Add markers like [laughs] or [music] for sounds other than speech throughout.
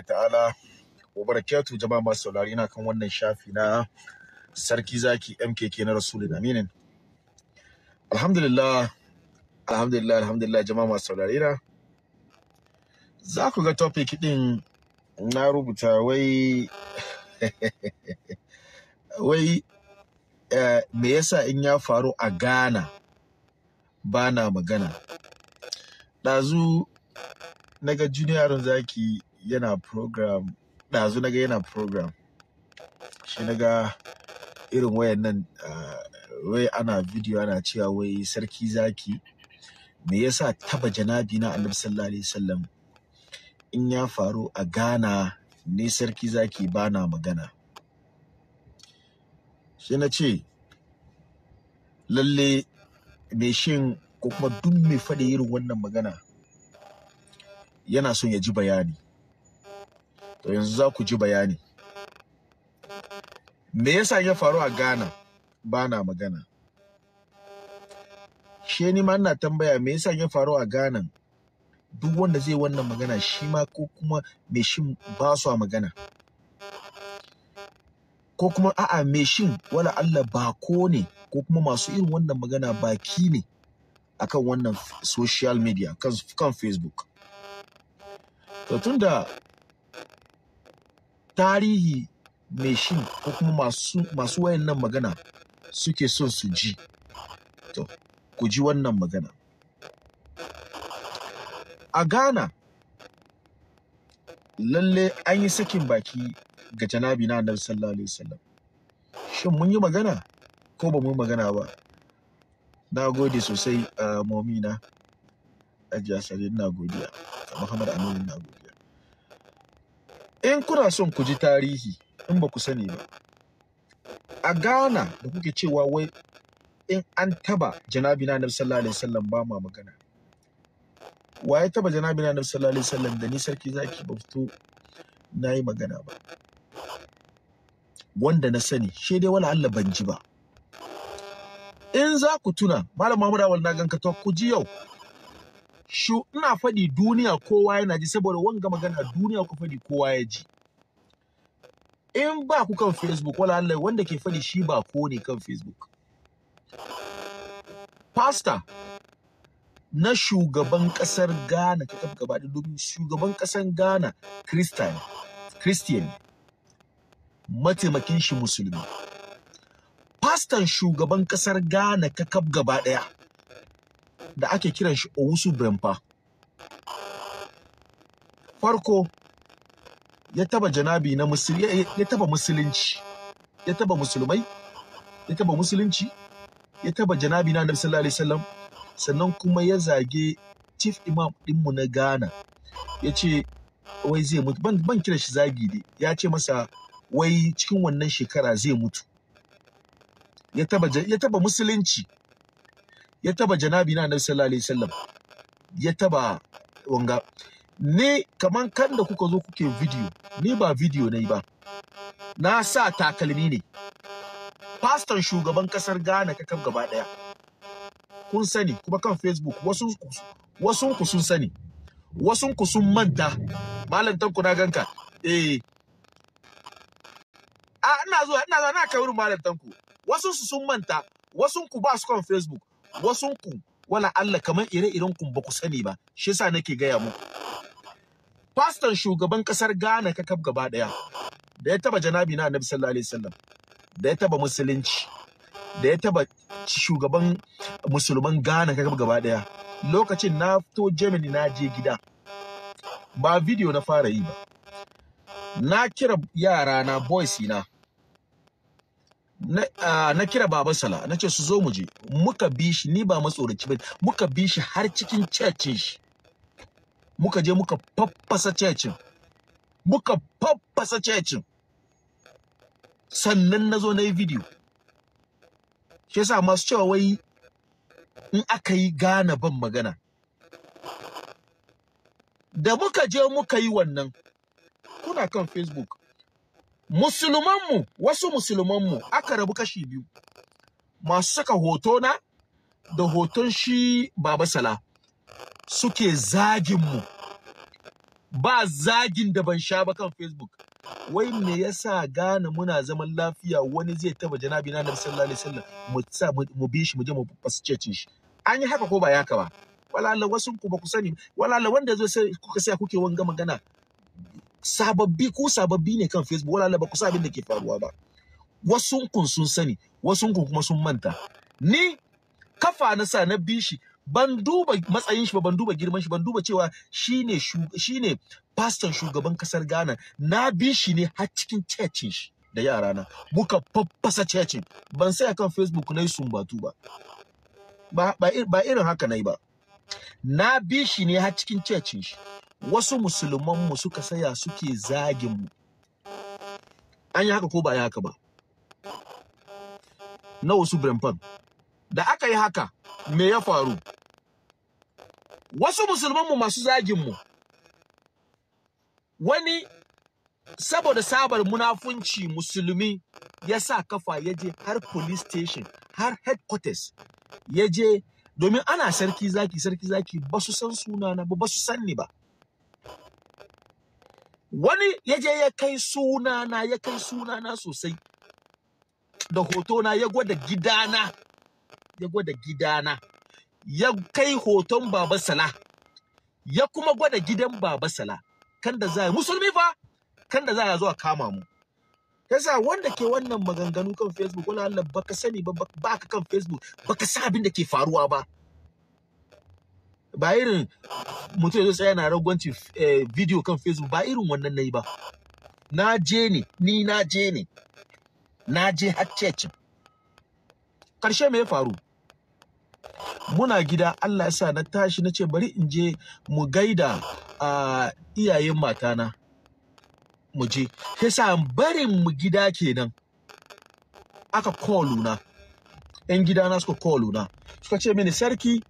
Allah ta'ala wa barakatu jama'a masu saurari na kan wannan shafi na sarki zaki mkk na rasulun aminin alhamdulillah alhamdulillah alhamdulillah jama'a masu saurari na za ku ga topic din na rubuta wai [laughs] wai eh, me yasa in ya faru a ghana ba na magana ɗazu na ga juniyarin zaki yana program ɗazu naga yana program shi naga irin wayan nan ah, wai ana video ana cewa wai sarki zaki me yasa taba janabi na annabi sallallahu alaihi wasallam in ya faru a gana ne sarki zaki bana magana shi na ce lalle me shin ko kuma duk mai faɗi irin wannan magana yana son ya ji bayani to yanzu za ku ji bayani me yasa ya faru a Ghana ba na magana she ni ma ina tambaya me yasa ya faru a Ghana duk wanda zai wannan magana shi ma ko kuma me shin ba su a magana ko kuma a'a me shin wala Allah bako ne ko kuma masu irin wannan magana baki ne akan wannan social media kan, kan Facebook to tunda tarihi mai shi ko kuma masu wayan wayannan magana suke son su ji to ku ji wannan magana a Ghana lalle an yi sakin baki ga janabi na annabi sallallahu alaihi wasallam shin mun yi magana ko ba mun magana ba na gode sosai a ah, momina a sare na godiya Muhammadu aminu na gode in kuna son ku ji tarihi in ba ku sani ba a ghana da kuke cewa wai in an taba janabi na annabi sallallahu alaihi wasallam ba ma magana wa ya taba janabi na annabi sallallahu alaihi wasallam da ni sarki zaki ba fito na yi magana ba wanda na sani shi dai wala Allah ban ji ba in za ku tuna malam Muhammad Awal na ganka to ku ji yau shu ina faɗi duniya kowa yana ji saboda wanga magana duniya ku faɗi kowa ya ji in ba ku kan facebook wala Allah wanda ke faɗi shi ba ko ne kan facebook pastor na shugaban ƙasar Ghana ka tafi gaba domin shugaban ƙasar Ghana Christian Christian mataimakin shi musulmi pastor shugaban ƙasar Ghana ka kaf gaba ɗaya da ake kiran shi Owusu Brempa. Farko ya taba janabi na musulmi ya taba musulunci ya taba musulmai ya taba musulunci ya taba janabi na Annabi sallallahu alaihi wasallam sannan kuma ya zage chief imam dinmu na Ghana ya ce wai zai mutu ban, ban kira shi zagi ne ya ce masa wai cikin wannan shekara zai mutu ya taba, musulunci ya taba janabi na annabi sallallahu alaihi wasallam ya taba wanga ni kaman kan da kuka zo kuke video ni ba video nayi ba na sa takalmi ne pastor shugaban kasar Ghana ka kan gaba daya kun sani kuma kan Facebook wasu wasu ku sun sani wasu ku sun manta malam tanku na ganka eh a ina zuwa ina zuwa na kai wurin malam tanku wasu su sun manta wasu ku ba su kan Facebook Wasunku wala Allah kamar ire-iren ku ba ku sani ba shi yasa nake gaya muku pastor shugaban kasar Ghana kakab gaba daya da ya taba janabi na Annabi sallallahu alaihi wasallam da ya taba musulunci da ya taba shugaban musulman Ghana kakab gaba daya lokacin na fito Germany na je gida ba video na fara yi ba na kira yara na boys na na kira baba sala na ce su zo mu je muka bi shi ni ba matsoraci ba muka bi shi har cikin cecin shi muka je muka faffasa cecin muka faffasa cecin sannan na zo na yi video shi yasa masu cewa wai in aka yi gane ban magana da muka je muka yi wannan kuna kan facebook musulmanmu wasu musulmanmu aka rabu kashi biyu masu saka hoto na da hoton shi baba sala suke zaginmu ba zagin da ban sha ba kan facebook wai me yasa gane muna zaman lafiya wani zai taba janabi na sallallahu alaihi wasallam mu sa mu bi shi mu je mu fasce shi an yi haka ko ba yaka ba wala Allah wasu ku ba ku sani wala wanda zai sai kuka sai kuke wanga magana sababbi ko sababbi ne kan facebook wala ba ku sa abin da ke faruwa ba wasu kun sun sani wasu kun kuma sun manta ni kafa na sa na bi shi ban duba matsayin shi ba ban duba girman shi ban duba cewa shine shine pastor shugaban kasar Ghana na bi shi ne har cikin churchin shi da yarana muka faffasa churchin ban sai akan facebook na sumbatu ba ba ba, irin haka nayi ba na bi shi ne har cikin churchin shi wasu musulmanmu suka saya suke zaginmu an yi haka ko ba yi haka ba na wasu brempan da aka yi haka me ya faru wasu musulmanmu masu zaginmu wani saboda sabar munafunci musulmi ya sa kafa ya je har police station har headquarters ya je domin ana sarki zaki sarki zaki ba su san sunana ba ba su san ni ba wani ya je ya kai sunana ya kai suna na sosai da hotona ya gwada gidana ya gwada gidana ya kai hoton baba sala ya kuma gwada gidan baba sala kan da za musulmi fa kan da za a zo a kama mu yasa wanda ke wannan maganganu kan facebook wala Allah baka sani ba baka kan facebook baka sa abin da ke faruwa ba ba irin mutum ya tsaya na ragwanci eh, video kan facebook ba irin wannan na yi ba na je ne ni na je ne na je har cecin ƙarshe me ya faru muna gida Allah ya sa na tashi na ce bari in je mu gaida a iyayen matana mu je yasa barin mu gida kenan aka koluna 'yan gidana suka na suka ce mini sarki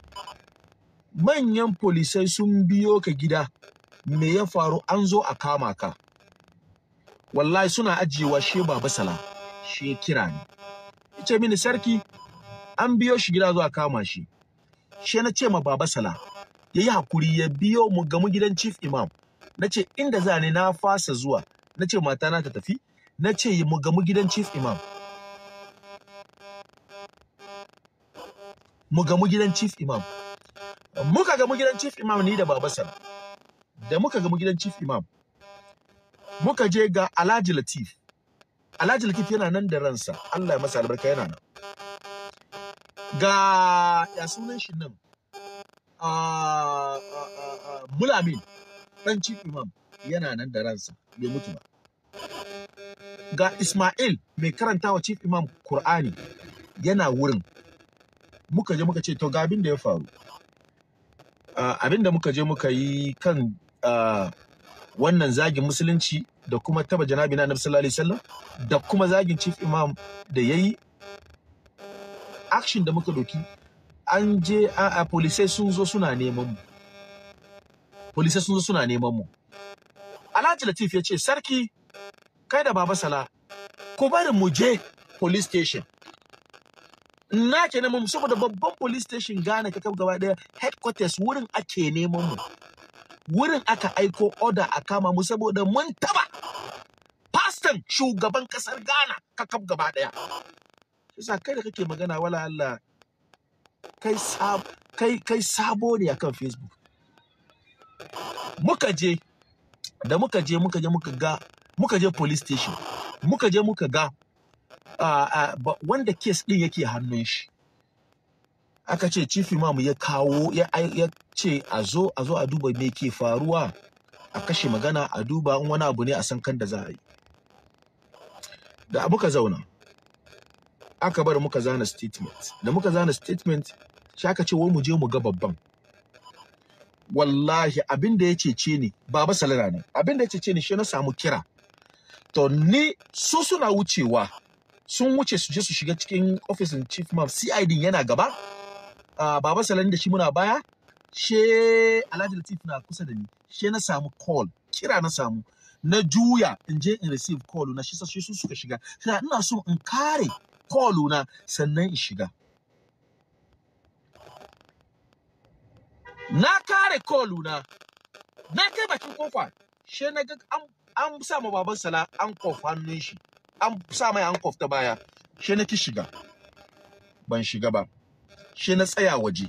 manyan folisai sun biyo ka gida me ya faru an zo a kama ka wallahi suna ajiyewa shi baba sala ya kira ni ce mini sarki an biyo shi gida zuwa kama shi she na ce ma baba sala yi hakuri ya biyo mu gamu gidan chief imam Na ce inda za ne na fasa zuwa nace mata na ta tafi nace mu gamu gidan chief imam mu gamu gidan chief imam muka ga mugidan chief imam ni da babasan da muka ga mugidan chief imam muka je ga alhaji latif alhaji latif yana nan da ransa allah ya masa albarka yana nan ga ya sunan shi nan ah, ah, ah, mulamin dan chief imam yana nan da ransa bai mutu ba ga ismail mai karanta wa chief imam qur'ani yana wurin muka je muka ce to ga abin da ya faru abin da muka je muka yi kan wannan zagin musulunci da kuma taba janabi na nabi sallallahu alaihi wasallam da kuma zagin chief imam da yayi action da muka doki an je a police sun zo suna neman mu police sun zo suna neman mu Alhaji Latif ya ce sarki kai da Baba Sala ku bari mu je police station na ke neman mu saboda babban police station Ghana kakab gaba daya headquarters wurin ake neman mu wurin aka aiko order a kama mu saboda mun taba pastan shugaban kasar Ghana kakab gaba daya yasa kai da kake magana wala Allah kai sab kai kai sabo ne akan Facebook muka je da muka je muka je muka ga muka je police station muka je muka ga wanda kes ɗin yake hannun shi aka ce chief imam ya kawo ya ce a zo a zo a duba me ke faruwa a kashe magana a duba in wani abu ne a san kan da za a yi da abu ka zauna aka bar muka zana statement da muka zana statement shi aka ce wai mu je mu ga babban wallahi abin da ya cece ni baba salara ne abin da ya cece ni shi na samu kira to ni su suna wucewa sun wuce su je su shiga cikin ofisin chief man cid yana gaba baba salani da shi muna baya she alhaji latif na kusa da ni she na samu call kira na samu na juya in je in receive call na shi sai su suka shiga sai ina so in kare call na sannan in shiga na kare call na na kai bakin kofa she na ga an sa ma baban sala an kofa nan shi an sa mai hankof ta baya she na ki shiga ban shiga ba she na tsaya waje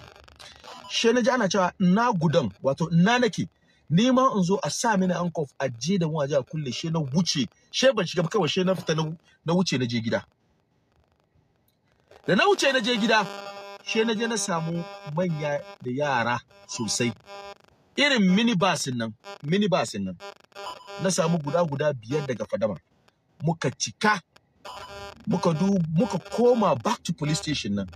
she na ji ana cewa na gudan wato na nake ni ma in zo a sa mini hankof a je da mu a a kulle she na wuce she ban shiga ba kawai she na fita na wuce na je gida da na wuce na je gida she na je na samu manya da yara sosai irin mini basin nan mini basin nan na samu guda guda biyar daga fadama muka cika muka du muka koma back to police station nan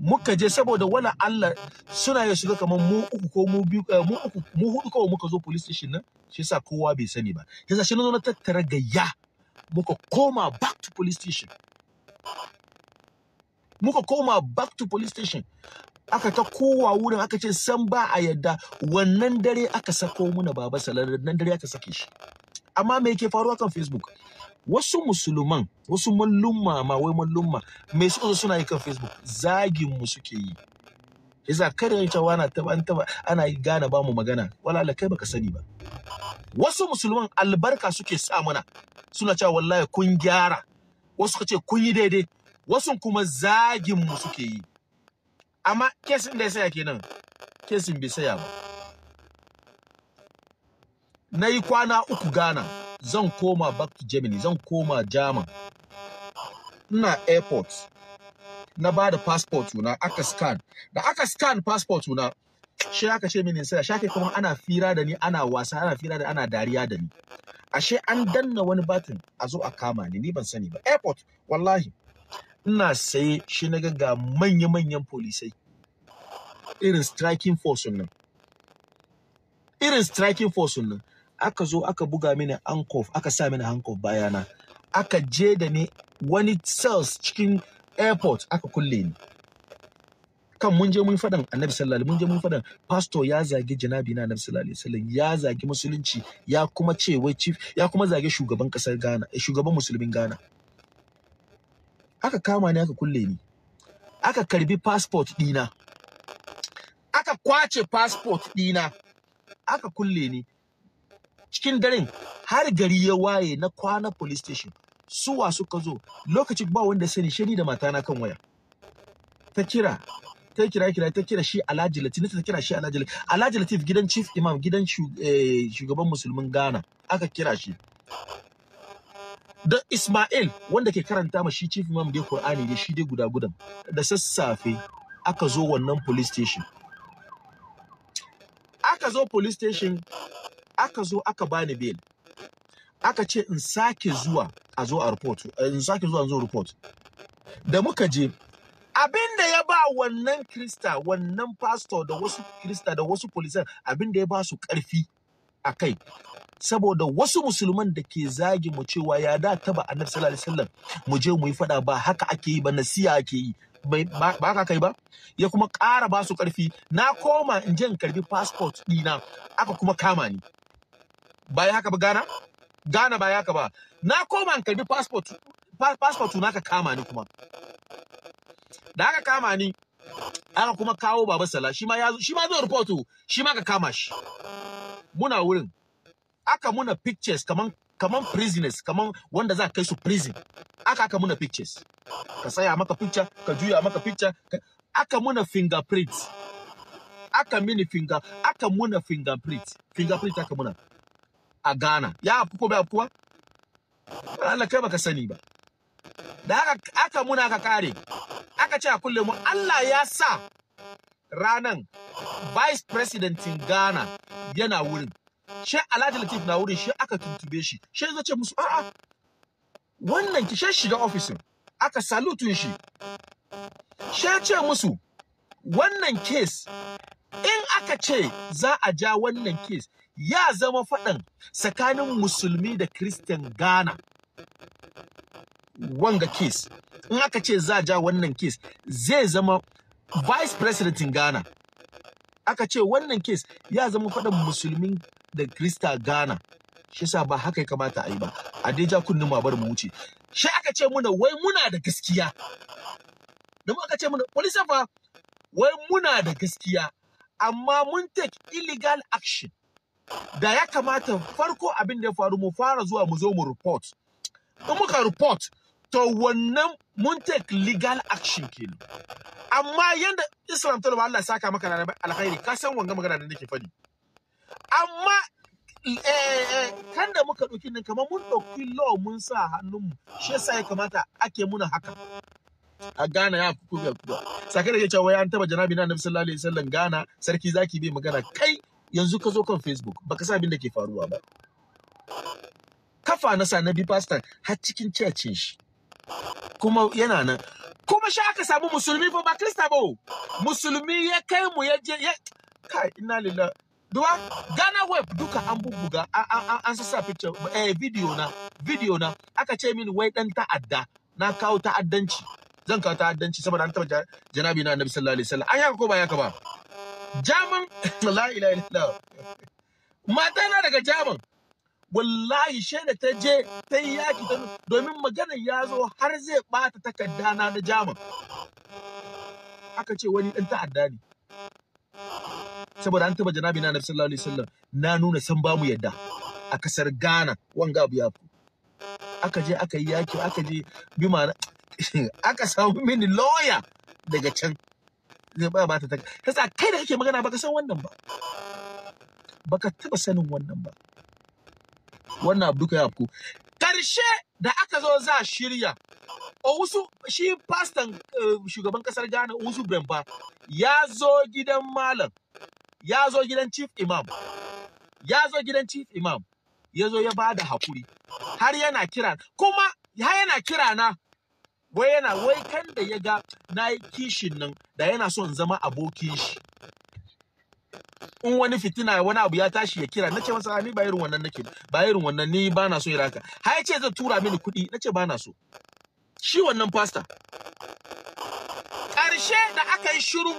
muka je saboda wani Allah suna ya shiga kamar mu uku ko mu biyu eh, mu uku mu hudu kawai muka zo police station nan shi yasa kowa bai sani ba yasa shi na tattara gayya muka koma back to police station muka koma back to police station aka ta kowa wurin aka ce san ba a yadda wannan dare aka sako muna baba salar nan dare aka sake shi amma me yake faruwa kan facebook wasu musulman wasu mallumma ma wai mallumma mai suka zo suna yi kan facebook zagin mu suke yi yasa kada yin cewa ana taba taba ana gane ba mu magana wala kai baka sani ba wasu musulman albarka suke sa mana suna cewa wallahi kun gyara wasu ka ce kun yi daidai wasu kuma zagin mu suke yi amma kesin da ya saya kenan kesin bai saya ba na yi kwana uku gana zan koma back to Germany zan koma German ina airport na ba da passport na aka scan da aka scan passport na shi aka ce mini sai shake kuma ana fira da ni ana wasa ana fira da ana dariya da ni ashe an danna wani batin a zo a kama ni ni ban sani ba airport wallahi ina saye shi na ga manya-manyan polisai irin striking force nan irin striking force nan aka zo aka buga mini ankof aka sa mini ankof bayana aka je da ni wani cells cikin airport aka kulle ni kan mun je mun fadan annabi sallallahu alaihi mun je mun fadan pastor ya zagi janabi na annabi sallallahu alaihi wasallam ya zagi musulunci ya kuma ce wai chief ya kuma zage shugaban kasar Ghana eh, shugaban musulmin Ghana aka kama ni aka kulle ni aka karbi passport dina aka kwace passport dina aka kulle ni cikin daren har gari ya waye na kwana police station suwa suka zo lokacin ba wanda sani shani da matana kan waya ta kira ta kira kira ta kira shi Alhaji Latif ta kira shi Alhaji Latif Alhaji Latif gidan chief imam gidan eh, shugaban musulmin Ghana aka kira shi da Ismail wanda ke karanta ma shi chief imam dai Qur'ani ne shi dai guda gudan da sassafe aka zo wannan police station aka zo police station aka zo aka bani bail aka ce in sake zuwa a zo a report in sake zuwa zo report da muka je abinda ya ba wannan krista wannan pastor da wasu krista da wasu abin abinda ya ba su karfi a kai saboda wasu musulman da ke zagi mu cewa ya da taba annabi sallallahu alaihi wasallam mu je mu yi fada ba haka ake yi ba nasiya ake yi ba haka kai ba ya kuma ƙara ba su ƙarfi na koma in je in karbi passport ɗina aka kuma kama ni ba ya haka ba Ghana Ghana ba ya haka ba na koma in karbi passport passport na ka kama ni kuma da aka kama ni aka kuma kawo baba sala shi ma shi ma zo report shi ma ka kama shi muna wurin aka muna pictures kaman kaman prisoners kaman wanda za kai su prison aka aka muna pictures ka saya maka picture ka juya maka picture ka... aka muna fingerprints aka mini finger aka muna fingerprint fingerprint aka muna a Ghana ya afu ko bai afuwa Allah kai baka sani ba da aka aka muna aka kare aka ce a kulle mu Allah ya sa ranan vice president in Ghana yana wurin she Alhaji Latif na wurin shi aka tuntube shi she zai ce musu a'a wannan ki shiga ofisin aka salutun shi she ce musu wannan case in aka ce za a ja wannan kes ya zama faɗan tsakanin musulmi da kristan ghana wanga kes in aka ce za a ja wannan kes zai zama vice president ghana aka ce wannan kes ya zama faɗan musulmin da krista ghana shi sa ba haka ya kamata a yi ba a dai ja kunnin ma bar mu wuce shi aka ce muna wai muna da gaskiya da mu aka ce muna wani safa wai muna da gaskiya amma mun take illegal action da ya kamata farko abin da ya faru mu fara zuwa mu zo mu report in muka report to wannan mun take legal action kenan amma yanda Islam ta Allah ya saka maka da alkhairi ka san wanga magana da nake fadi amma eh, eh, kan da muka dauki nan kamar mun ɗauki law mun sa mu shi yasa ya kamata ake muna haka a Ghana ya fi kuma kuga saka da cewa ya taba janabi na Annabi sallallahu alaihi wasallam Ghana sarki zaki bai magana kai yanzu ka zo kan Facebook baka sa abin da ke faruwa ba kafa na sa Nabi pastor har cikin cecin shi kuma yana nan kuma sha aka samu musulmi fa ba Krista ba musulmi ya kai mu ya je ya kai inna lillahi duwa Ghana web duka an bubbuga an sassa picture eh video na video na aka ce mini wai dan ta'adda na kawo ta'addanci zan kawo ta'addanci saboda an taba janabi na annabi sallallahu alaihi wasallam an yaka ko ba yaka ba jaman [laughs] la ilaha illallah mata na daga jaman wallahi shaida ta je ta yi yaki ta domin maganar ya zo har zai bata takarda na na jaman aka ce wani dan ta'adda ne saboda an taba janabi na annabi sallallahu alaihi wasallam na nuna san ba mu yadda a kasar Ghana wanga abu ya aka je aka yi yaki aka je bi ma'ana [laughs] aka samu mini lawyer daga can zai ba ba ta ta kasa kai da kake magana baka san wannan ba baka taba sanin wannan ba wannan abu duka ya afku karshe da aka zo za shirya wusu shi pastan eh, shugaban kasar Ghana wusu Bemba ya zo gidan malam ya zo gidan chief imam ya zo gidan chief imam ya zo ya ba da hakuri har yana kira kuma har yana kira na wai yana wai kan da ya ga na yi kishin nan da yana son zama abokin shi in wani fitina wani abu ya tashi ya kira nace masa ah, ni ba irin wannan nake ba irin wannan ni ba na so ya raka har yace zai tura mini kuɗi nace ba na so shi wannan pasta ƙarshe da aka yi shiru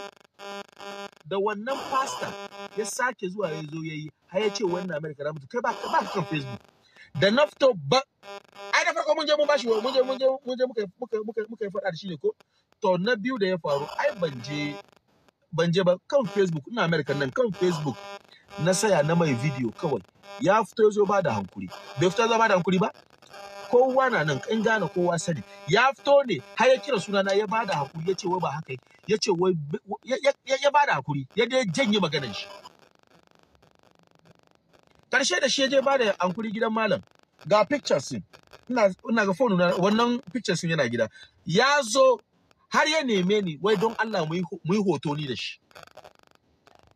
da wannan pasta ya sake zuwa ya zo ya yi har ya ce wannan america da mutu kai ba ka kan facebook da nafto ba ai da farko mun je mun bashi mun je mun je mun je muka muka muka muka faɗa da shi ne ko to na biyu da ya faru ai ban je ban je ba kan Facebook ina America nan kan Facebook na saya na mai video kawai ya fito ya zo ba da hankuri bai fito zo ba da hankuri ba kowa na nan in gane kowa sani ya fito ne har ya kira sunana ya ba da hakuri ya ce wai ba haka ya ce wai ya ba da hakuri ya dai janye maganar shi karshe da shi ya je ba da ankuri gidan malam ga pictures din ina ina ga phone na wannan pictures din yana gida ya zo har ya neme ni wai don Allah mu yi hoto ni da shi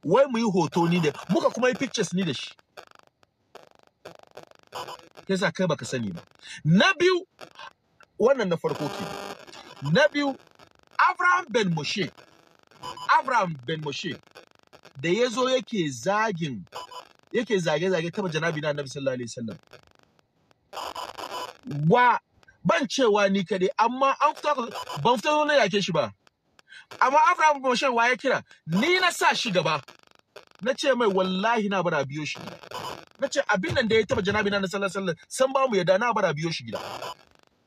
wai mu yi hoto ni da muka kuma yi pictures ni da shi yasa kai baka sani ba na biyu wannan na farko ke na biyu Abraham Ben Moshe Abraham Ben Moshe da ya zo yake zagin yake zage-zage taba janabi na Annabi sallallahu alaihi wasallam wa ban cewa ni kade amma an fita ban fita ne na yake shi ba amma Abraham bin Shan wa ya kira ni na sa shi gaba na ce mai wallahi na bara biyo shi na ce abin nan da ya taba janabi na sallallahu alaihi wasallam san ba mu yadda na bara biyo shi gida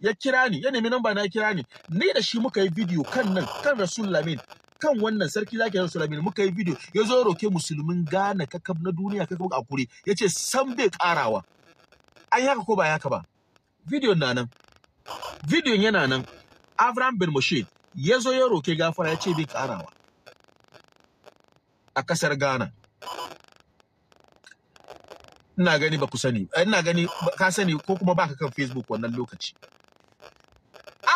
ya kira ni ya nemi namba na ya kira ni ni da shi muka yi bidiyo kan nan kan Rasul Lamin Kan wannan sarki zaki yau sulaimin muka yi video ya zo roke musulmin gane kakab na duniya kakab a kure yace san bai karawa an haka ko ba haka ba video na nan video yana nan Abraham bin Moshe ya zo ya roke gafara ya ce bai karawa a kasar Ghana ina gani ba ku sani eh, ina gani ka sani ko kuma baka kan Facebook wannan lokaci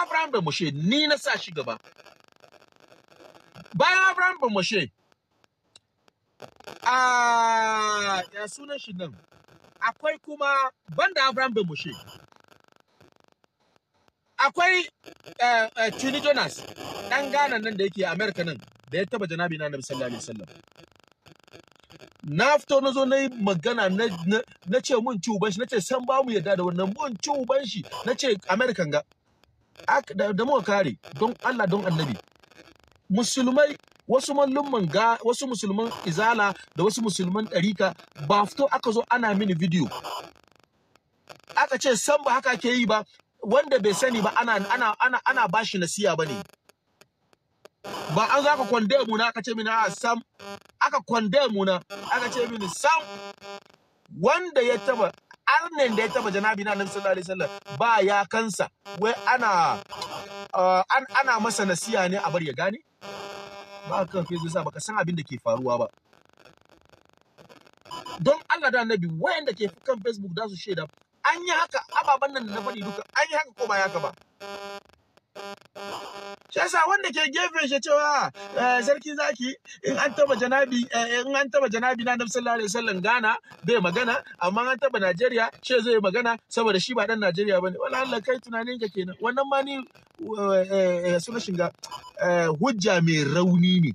Abraham da Moshe ni na sa shi gaba bayan abraham ba mashe a ah, ya sunan shi nan akwai kuma banda abraham ba mashe akwai eh, eh, Tuni Jonas ɗan Ghana nan da yake a Amerika nan da ya taba janabi na Nabi sallallahu alaihi wasallam. Na fito na zo na yi magana na ce mun ci uban shi na ce san ba mu yadda da wannan mun ci uban shi na ce Amerikan ga da muka kare don Allah don Annabi musulmai wasu mallumman ga wasu musulman izala da wasu musulman ɗarika ba fito aka zo ana mini video aka ce san ba haka ke yi ba wanda bai sani ba ana ana ana ana bashi nasiya bane ba an zaka kwande mu na aka ce mini a ah, sam aka kwande mu na aka ce mini sam wanda ya taba arnin da ya taba janabi na nan sallallahu alaihi wasallam ba ya kansa wai ana uh, an ana masa nasiya ne a bar ya gane ba kan fezo sa baka san abin da ke faruwa ba don Allah da annabi wayanda ke kan Facebook da su shaida an yi haka ababen nan da na faɗi duka an yi haka ko ba ya ka ba shi yasa wanda ke gefe shi cewa eh, sarki zaki in an taba janabi eh, in an taba janabi na annabi sallallahu alaihi wasallam Ghana bai magana amma an taba Najeriya shi zai magana saboda shi ba dan Najeriya bane wala Allah kai tunanin ka kenan wannan ma ni eh, suna shiga hujja mai rauni ne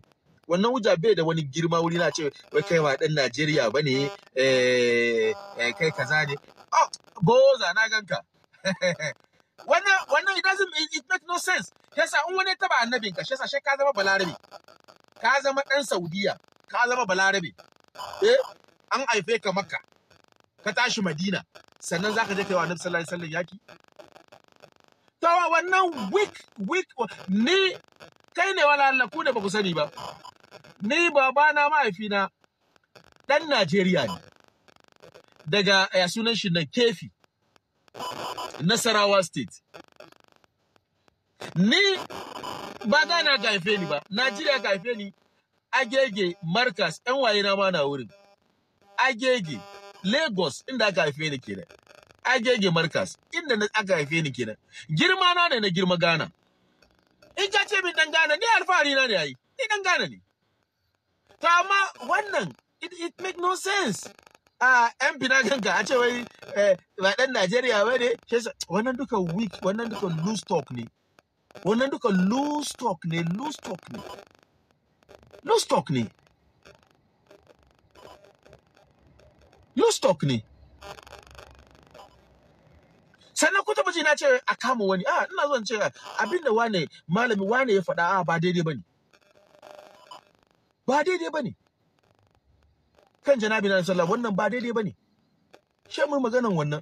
wannan hujja bai da wani girma wuri na ce wai kai ba dan Najeriya bane eh kai kaza ne oh boza na ganka [laughs] wannan wannan it doesn't it makes no sense sa in wani taba annabin ka yasa sai ka zama balarabe ka zama dan saudiya ka zama balarabe eh an haife ka makka ka tashi madina sannan zaka je kai wa annabi sallallahu alaihi wasallam yaki tawa wannan week week ni kai ne wala Allah ku da baku sani ba ni babana mahaifina dan Najeriya ne daga ya sunan shi nan kefi Nasarawa State. Ni ba Ghana ka haife ni ba, Najeriya ka haife ni Agege, Markas, ‘yan waye na ma na wurin. Agege, Lagos inda aka haife ni kenan. Agege Markas inda aka haife ni kenan. Girma na ne na girma Ghana. In ka ce min dan Ghana ni alfahari na ne yayi. Ni dan Ghana ne. To amma wannan it, it make no sense. a yan fina ganga a ce wai eh, ba dan Najeriya ba ne wannan duka weak wannan duka loose talk ne wannan duka loose talk ne loose talk ne loose talk ne loose talk ne sannan kuta taba na ce a kama wani a ina zan ce abinda wane malami wane ya faɗa a ba daidai ba ne ba daidai ba ne. kan janabi na sallah wannan ba daidai bane she mun maganan wannan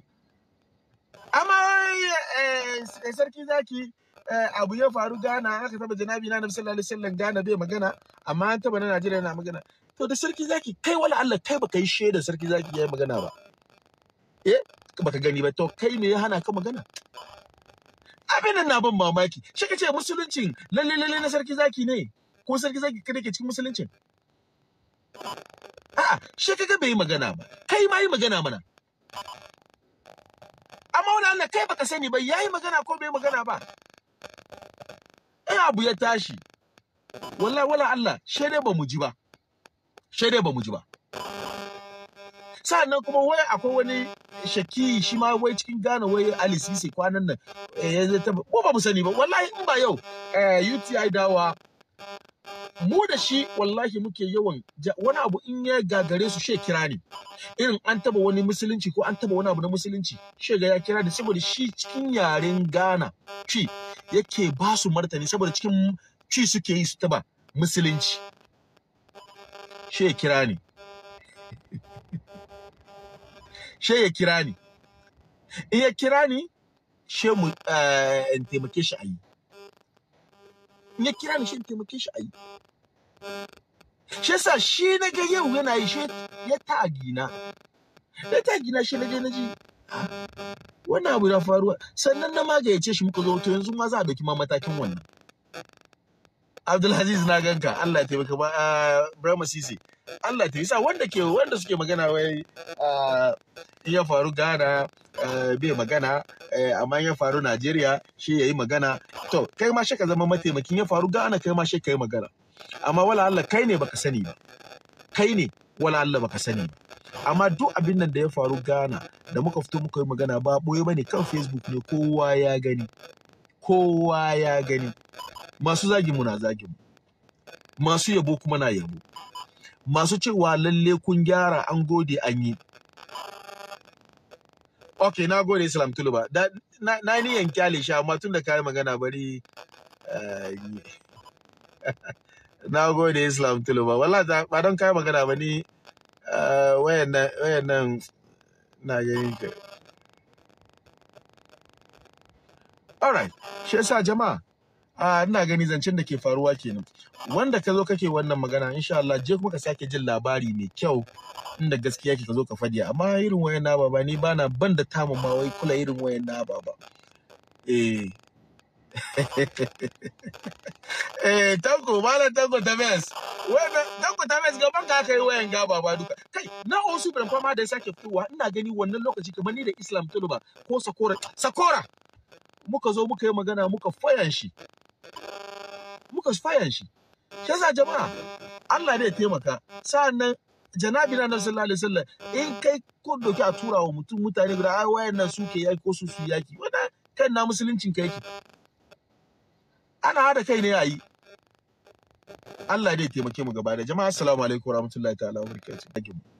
amma eh, eh, sarki zaki eh, abu ya faru Ghana aka taba janabi na Nabi sallallahu alaihi wasallam Ghana bai magana amma an taba na Najeriya na magana to da sarki zaki kai wala Allah kai baka yi shaida sarki zaki yayi magana ba eh baka gani ba to kai me ya hana ka magana abin nan na ban mamaki shi kace musuluncin lalle lalle na sarki zaki ne ko sarki zaki kada ke cikin musuluncin a'a shi kaga bai magana ba kai ma yi magana mana amma wani Allah kai baka sani ba yayi magana ko bai magana ba in abu ya tashi wallahi wala Allah shi dai ba mu ji ba shi dai ba mu ji ba sa'annan kuma wai akwai wani shaki shi ma wai cikin gane wai Ali Sisi kwanan nan eh, ya zai ko ba mu sani ba wallahi in ba yau eh, UTI dawa mu da shi wallahi muke yawan wani abu in ya gagare su she kira ne irin an taba wani musulunci ko an taba wani abu na musulunci she ga ya kira da saboda shi cikin yaren Ghana ci yake ba su martani saboda cikin ci suke yi su taba musulunci she kira ne [laughs] she ya kira ni in ya kira ni she mu eh, in taimake shi a yi in ya kira ni she in taimake shi a yi shi sa shi na ga yau yana yi shi ya tagi gina ya ta na shi na ga naji wannan abu na faruwa sannan na magayace shi muka zo to yanzu ma za a doki ma matakin wannan Abdulaziz na ganka Allah ya taimaka ba ah, Brahma Sisi Allah ta yasa wanda ke wanda suke magana wai ah, ya faru Ghana eh, bai magana eh, amma ya faru Najeriya shi yayi magana to kai ma shi ka zama mataimakin ya faru Ghana kai ma shi ka yi magana amma wala Allah kai ne baka sani ba kai ne wala Allah baka sani ba amma duk abin nan da ya faru Ghana da muka fito muka yi magana ba boye bane kan Facebook ne kowa ya gani kowa ya gani masu zagin mu na zagin mu masu yabo kuma na yabo masu cewa lalle kun gyara an gode an yi ok na gode islam tuluba da, na, niyan kyale sha amma tun da kayi magana bari uh, [laughs] na gode islam tuluba wallahi ba don kai magana ba ni eh, wayan nan na ganin ka alright shi yasa jama'a a ah, ina gani zancen da ke faruwa kenan wanda ka zo kake wannan magana insha Allah je kuma ka sake jin labari mai kyau inda gaskiya ke ka zo ka fadi amma irin wayan na ba ni bana ban da tamu ma wai kula irin wayan na ba eh eh tanko malam tanko ta bes wannan tanko ta bes gaban ka kai wayan gaba baba duka kai na o super fama da sake fitowa ina gani wannan lokaci kamar ni da Islam Tuluba ko Sakora Sakora muka zo muka yi magana muka fayan shi muka fayan shi shi jama'a Allah ne ya taimaka sa'annan janabi na nan sallallahu alaihi wasallam in kai ko doki a tura wa mutum mutane guda ai wayannan suke yaki ko su su yaki wannan kan na musuluncin kai yake ana hada kai ne yayi Allah dai taimake mu gaba da jama'a assalamu alaikum warahmatullahi ta'ala wabarakatuh